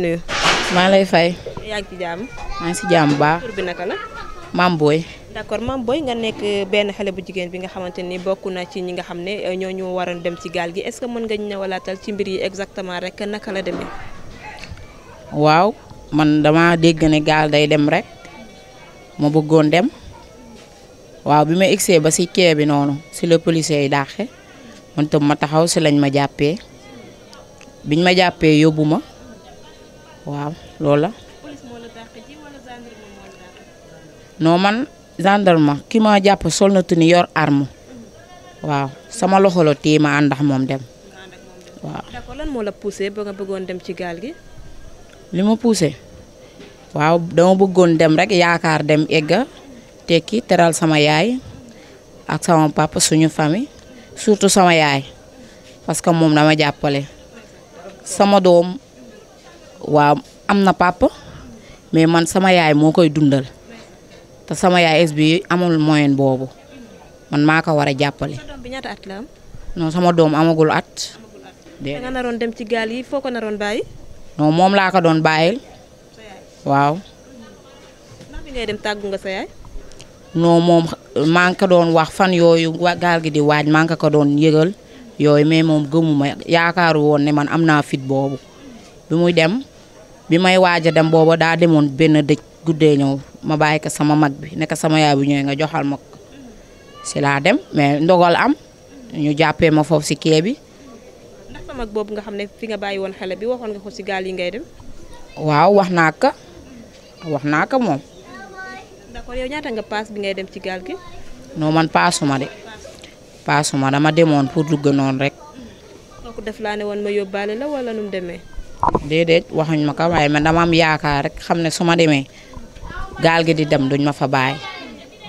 nuyu. maa lay fay. yaa ngi ci maa si jàmm baax. bi naka la. maam Boy. d'accord maam Boy nga nekk benn xale bu jigéen bi nga xamante ni bokk na ci ñi nga xam ne eh, ñoo ñu waroon dem ci gaal gi est-ce que mën nga ñu ñëwalaatal ci mbir yi exactement rek naka la demee. waaw man dama dégg ne gaal day dem rek ma bëggoon dem waaw bi ma egsee ba si kee bi noonu si la policier yi dàqe man ma taxaw si lañ ma jàppee biñ ma jàppee yóbbu waaw loolu noo man gendarme ki ma jàpp sol na tenue yor arme waaw sama loxo la ndax moom dem. waaw d'accord lan moo la bëggoon dem ci gaal gi. li ma poussé waaw dama bëggoon dem rek yaakaar dem egga tekki teral sama yaay ak sama papa suñu famille surtout sama yaay parce que moom dama jàppale sama doom. waaw am na pàpp mais man sama yaay moo koy dundal te sama yaay es bi amul moyen boobu man maa ko war a jàppale. doom bi sama doom amagul at. da nga naroon dem ci gaal yi foo ko naroon bàyyi. non moom laa ko doon bàyyil. waaw. ndax nga sa yaay. moom maa ngi ko doon wax fan yooyu gaal gi di waaj maa ngi ko doon yëgal yooyu mais moom gëmuma yaakaaru woon ne man am naa fit boobu bi muy dem bi may waaja dem booba daa demoon benn dëj guddee ñëw ma bàyyi ko sama mag bi nekk sama yaay bu ñëwee nga joxal ma si laa dem mais ndogal am ñu jàppee ma foofu si kee bi. ndax boobu nga xam ne fi nga bàyyi woon xale bi waxoon nga ko si gaal yi ngay dem. waaw wax naa ka wax naa ko moom. d'accord ñaata nga paas bi ngay dem ci gaal gi. noo man paasuma de paasuma dama demoon pour dugg noonu rek. kooku def laa ne woon ma yóbbaale la wala nu demee. déedéet waxuñ ma ko waaye ma dama am yaakaar rek xam ne su ma demee gaal gi di dem duñ ma fa baay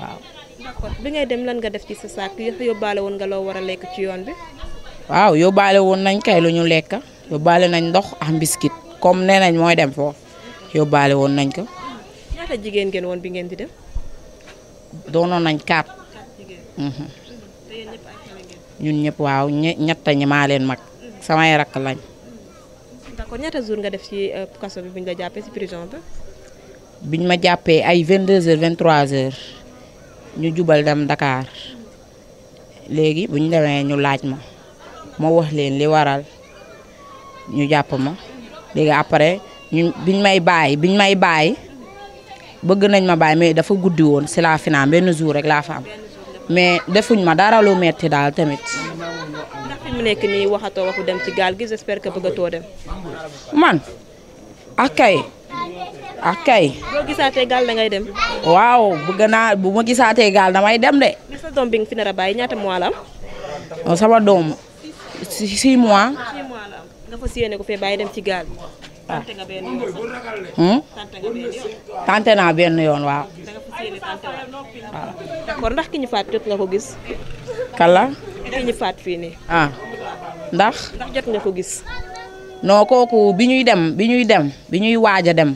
waaw. d'accord bi ngay dem lan nga def ci sa saak yóbbaale woon nga loo war a lekk ci yoon bi. waaw yóbbaale woon nañ kay lu lekk yóbbaale nañ ndox ak mbiskit comme nee nañ mooy dem foofu yóbbaale woon nañ ko. jigéen ngeen bi ngeen di dem. doonoon nañ kaat. Mhm. ñun ñëpp waaw ñett maa leen mag samay rakk lañ. d'accord ñaata jour nga def ci euh, kaso bi bu ñu la jàppee ci prison bi. biñ ma jàppee ay 22h 23h ñu jubal dem Dakar léegi bu ñu demee ñu laaj ma ma wax leen li waral ñu jàpp ma léegi après ñu biñ may bàyyi biñ may bàyyi bëgg nañ ma bàyyi mais dafa guddi woon si la benn jour rek laa fa mais defuñ ma dara lu metti daal tamit. mu nekk nii waxatoo waxu dem ci gaal gi j'espère que bëggatoo dem. man ak kay ak kay. gisaatee gaal da ngay dem. waaw bëgg naa bu ma gisaatee gaal damay dem de. mais bi nga fi nar bàyyi ñaata mois la sama doom si six mois. yéene ko fee dem ci gaal bi. Ah. yoon. Hmm? tante naa benn yoon waaw. d'accord ndax ki ñu faat jot nga ko gis. kala. bi ñu faat fii nii. ah ndax. ndax jot nga ko gis. non kooku bi ñuy dem bi ñuy dem bi ñuy waaj a dem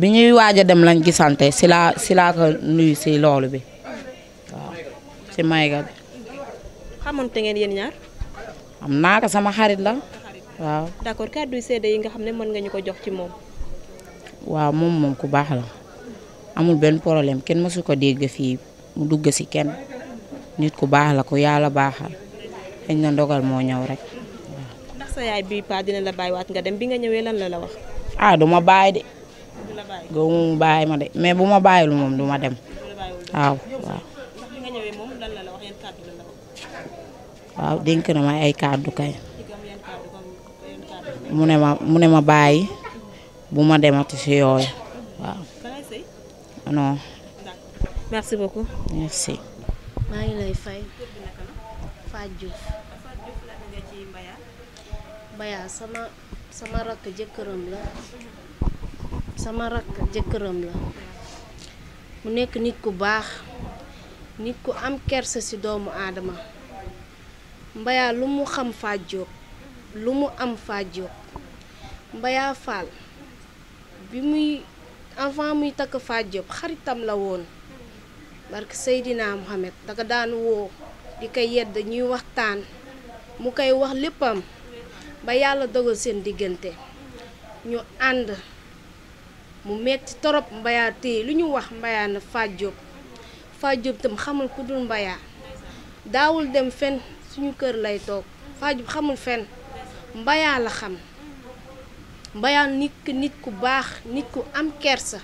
bi ñuy waaj a dem lañ gisante si laa si laa ko nuyu si loolu bi waaw si mayga bi. xamante ngeen yéen ñaar. am naa sama xarit la. waaw d'accord kàddu yu yi nga xam ne mën nga ñu ko jox ci moom. waaw moom moom ku baax la amul benn problème kenn mësu ko dégg fii mu dugg si kenn. nit ku baax la ku yàlla baaxal xëy na ndogal moo ñëw rek. ndax sa yaay bii paa dina la bàyyiwaat nga dem bi nga ñëwee lan la la wax. ah du ma bàyyi de. du mu ma de bu ma bàyyiwul moom du dem. waaw na ma ay kàddu kay. mu ne ma mu ne ma bàyyi bu ma demati si yooyu waaw. non. maa ngi lay fay. Fatou Diouf. Mbayaa sama sama rakk jëkkëram la sama rakk jëkkëram la mu nekk nit ku baax nit ku am kerse ci doomu aadama Mbayaa lu mu xam Fatou lu mu am Fatou Diop Mbayaa Fall bi muy avant muy takk Fatou xaritam la woon barke Seydina Mohamed daga daan woo di koy yedd ñuy waxtaan mu koy wax léppam ba yàlla dogal seen diggante ñu ànd mu metti torop mbayaa téye lu ñu wax mbayaa na fàjjoob fàjjoob tam xamul ku dul mbayaa daawul dem fen suñu kër lay toog fàjjoob xamul fenn mbayaa la xam mbayaa nit ku nit ku baax nit ku am kersa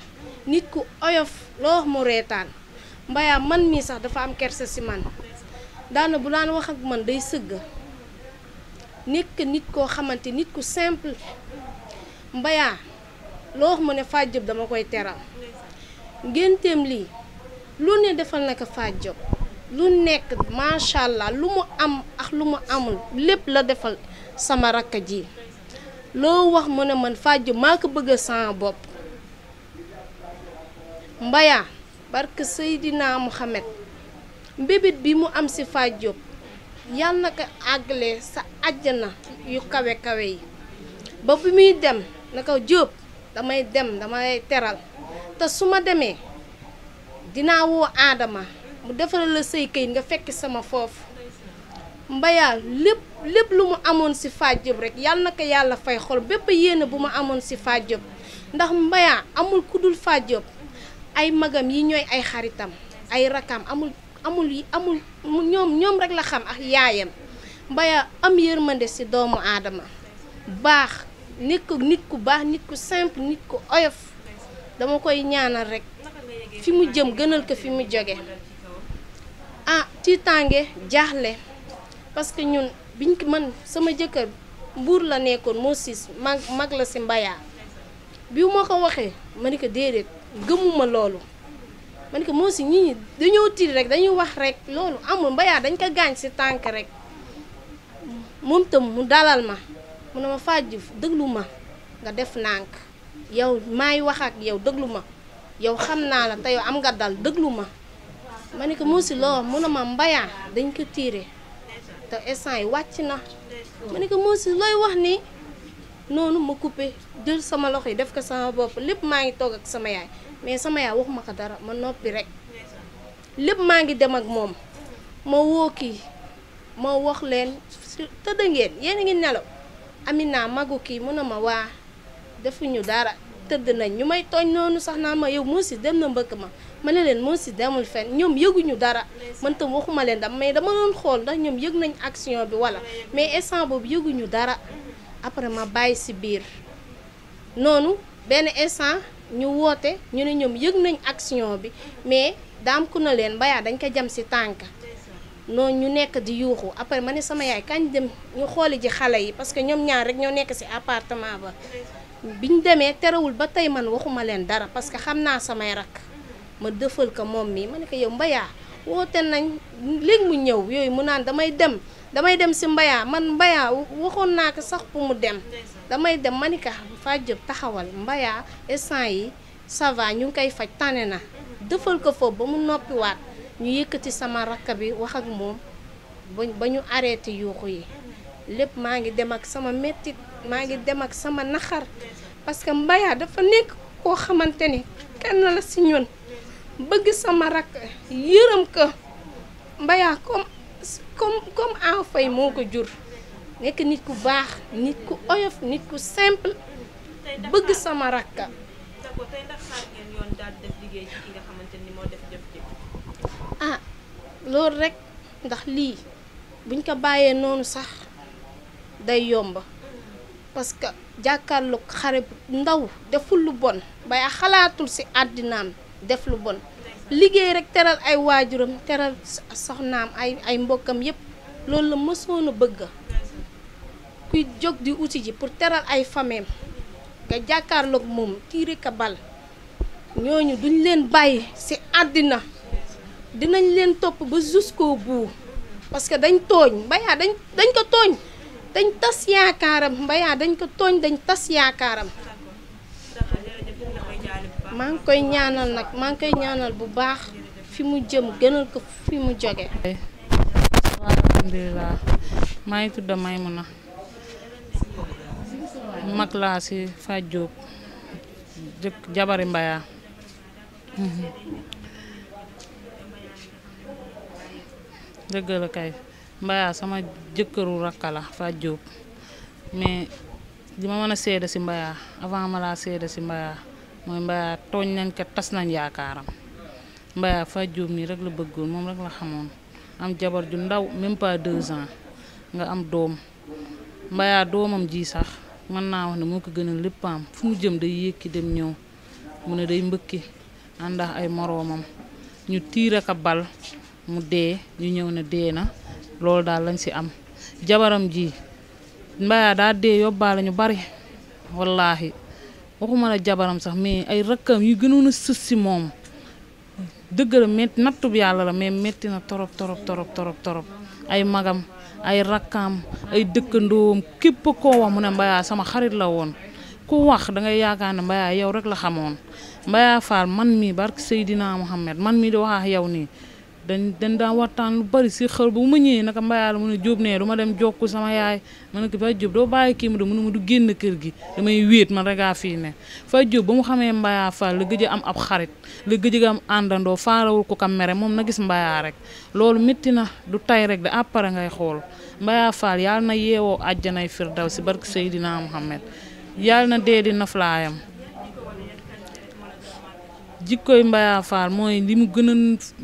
nit ku oyof loo wax mu reetaan mbayaa man mii sax dafa am kersa si man daana bu daan wax ak man day sëgg nekk nit koo xamante nit ku simple mbayaa loo wax ma ne Fatou dama koy teral ngénteem li lu ne defal na ko Fatou lu nekk macha allah lu mu am ak lu mu amul lépp la defal sama rakk ji loo wax mu ne man faj maa ko bëgg sama bopp mbayaa barke Seydina Mohamed mbébét bi mu am si Fatou Diop yàlla na ko àggale sa àjjana yu kawe kawe yi ba bu muy dem na ko jóob damay dem damay teral te su ma demee dinaa woo aadama mu defaral la say këyit nga fekk sama foofu mbayaa lépp lépp lu mu amoon si Fatou Diop rek yàlla na yàlla fay xol bépp yéene bu mu amoon si Fatou ndax mbayaa amul ku dul Fatou ay magam yi ñooy ay xaritam ay rakam amul amul amul ñoom ñoom rek la xam ak yaayam mbaya am yërmande ci doomu aadama baax nit nit ku baax nit ku simple nit ku oyof dama koy ñaanal rek fi mu jëm gënal ko fi mu joge ah tiitaange jaaxle parce que ñun biñ ko man sama jëkkër mbuur la nekkoon moo siis mag mag la ci mbayaa bi ma ko waxee ma ni ko déedéet gëmuma loolu man que moo si nit ñi dañoo tiit rek dañuy wax rek loolu amul mbayaa dañ ko gaañ si tànk rek moom tam mu dalal ma mu ne ma fàjj dëglu ma nga def nànk yow maay wax ak yow dëglu ma yow xam naa la te yow am nga dal dëglu ma ma ne ko moo si loo mu ne ma mbayaa dañ ko tiire te instant yi wàcc na ma ne ko moo looy wax nii noonu ma coupé jël sama loxo yi def ko sama bopp lépp maa ngi toog ak sama yaay mais sama yaay waxuma ko dara ma noppi rek lépp maa ngi dem ak moom ma woo kii ma wax leen tëdd ngeen yéen ngi nelaw Amina magu kii mun a ma waa defuñu dara tëdd nañ ñu may tooñ noonu sax naa ma yow moo si dem na mbëkk ma ma ne leen moo si demul fen ñoom yëguñu dara man tam waxuma leen dam mais dama doon xool ndax ñoom yëg nañ action bi wala mais et instant boobu yëguñu dara après ma bàyyi si biir noonu benn instant ñu woote ñu ne ñoom yëg nañ action bi mais daam ku na leen mbayaa dañ ko jam si tànk noonu ñu nekk di yuuxu après ma ne sama yaay kañ dem ñu xooli ji xale yi parce que ñoom ñaar rek ñoo nekk si appartement ba bi ñu demee terewul ba tey man waxuma leen dara parce que xam naa samay rak ma dëfal ko moom mii ma ne ko yow mbayaa woote nañ léegi mu ñëw yooyu mu naan damay dem damay dem si mbayaa man mbayaa waxoon naa ko sax pour mu dem damay dem manika ah, faa jëb taxawal mbayaa instant yi ça ñu koy faj tane na dëfal ko foofu ba mu noppiwaat ñu yëkkati sama rakk bi wax ak moom ba ñu arrêté yuuxu yi lépp maa ngi dem ak sama mettit maa ngi dem ak sama naxar parce que mbayaa dafa nekk koo xamante ni kenn la si ñun bëgg sama rakk yërëm ko mbayaa comme comme comme Awa moo ko jur nekk nit ku baax nit ku oyof nit ku simple bëgg sama rakka ah loolu rekk ndax lii buñ ko bàyyee noonu sax day yomb parce que jàkkaarloog xare bu ndaw deful lu bon bayaa xalaatul ci àddinaam def lu bon liggéey rek teral ay waajuram teral soxnaam ay ay mbokkam yépp loolu la mësoon a bëgg kuy jóg di uti ji pour teral ay fameem nga jàkkaarloog moom tiire ka bal ñooñu duñ leen bàyyi ci àddina dinañ leen topp ba jusqu'au bout parce que dañ tooñ mbayaa dañ dañ ko tooñ dañ tas yaakaaram mbayaa dañ ko tooñ dañ tas yaakaaram maa ngi koy ñaanal nag maa ngi koy ñaanal bu baax fi mu jëm gënal ko fi mu jóge waaw alhamdulilah maa ngi tudd Maymuna mag laa si Faaj Jóob jabari Mbayaa mhm. dëgg la Mbayaa sama jëkkëru rakka la Faaj Jóob mais li ma mën a seede si Mbayaa avant ma laa seede si Mbayaa mooy Mbaye tooñ nañ ko tas nañ yaakaaram Mbaye fa jóob nii rek la bëggoon moom rek la xamoon am jabar ju ndaw même pas deux ans nga am doom Mbaye doomam ji sax man naa wax ne moo ko gënal léppam fu mu jëm day yékki dem ñëw mu ne day mbëkki àndax ay moroomam ñu tiir ak a bal mu dee ñu ñëw ne dee na loolu daal lañ si am jabaram ji Mbaye daa dee yóbbaale ñu bari wallaahi waxuma la jabaram sax mais ay rakkam yu gënoon a sës si moom dëgg la metti yàlla la mais metti na torop torop torop torop ay magam ay rakkaam ay dëkkandoom képp koo wax mu ne mbayaa sama xarit la woon ku wax da ngay yaakaar ne mbayaa yow rek la xamoon mbayaa faal man mii barke Seydina Mohamed man mii di wax ak yow nii dañ dañ daan waxtaan lu bari si xër bu ma ñëwee naka mbayaal mu ne Jóob nee du dem jokku sama yaay ma ne ko Jóob doo bàyyi kii mu de mënu ma du génn kër gi damay wéet man rek a fii ne Faye Jóob ba mu xamee mbayaa Fall la gëj am ab xarit la gëj am àndandoo faarawul ko kam mere moom na gis mbayaa rek loolu métti na du tay rek da après ngay xool mbayaa Fall yàlla na yeewoo àjjanay firdaw si barke Seydina Muhammad yàlla na dee di naflaayam jikkoy Mbaye Fall mooy li mu gën a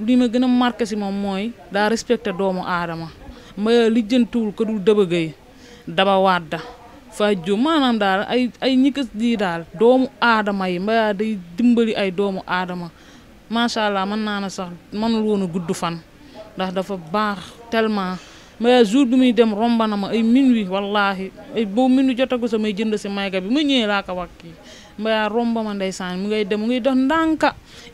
li ma gën a marqué si moom mooy daa respecté doomu aadama Mbaye lijjantiwul ko dul dëbëgëy daba wadda fajjo maanaam daal ay ay ñikkas di daal doomu aadama yi Mbaye day dimbali ay doomu aadama macha allah mën naa na sax mënul woon a gudd fan ndax dafa baax tellement Mbaye jour du muy dem romba na ma ay minuit wallaahi ay boobu minuit jotagu sa may jënd si mayga bi ma ñëwee laa ko wax mbaa romb ma ndeysaan mu ngay dem mu ngay dox ndànka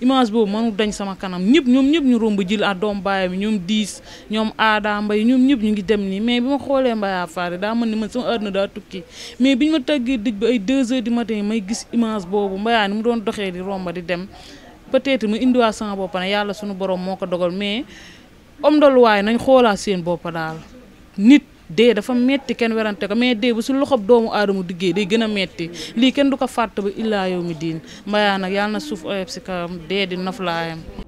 image boobu mënu dañ sama kanam ñëpp ñoom ñëpp ñu romb jël a doom baay bi ñoom diis ñoom aada mbay ñoom ñëpp ñu ngi dem nii mais bi ma xoolee mbayaa far daa mën ni man sama heure na daa tukki mais bi ñu ma tàggee dij ba ay 2 heures du may gis image boobu mbayaa ni mu doon doxee di romba di dem peut-être mu indiwaat sama bopp ne yàlla suñu borom moo ko dogal mais om doluwaay nañ xoolaat seen bopp daal nit dee dafa metti kenn werante ko mais dee bu su loxob doomu aadama duggee day gën a metti lii kenn du ko fàtte ba illaa yow mi diin mbayaan nag yàlla na suuf oyof si kawam dee di noflaayam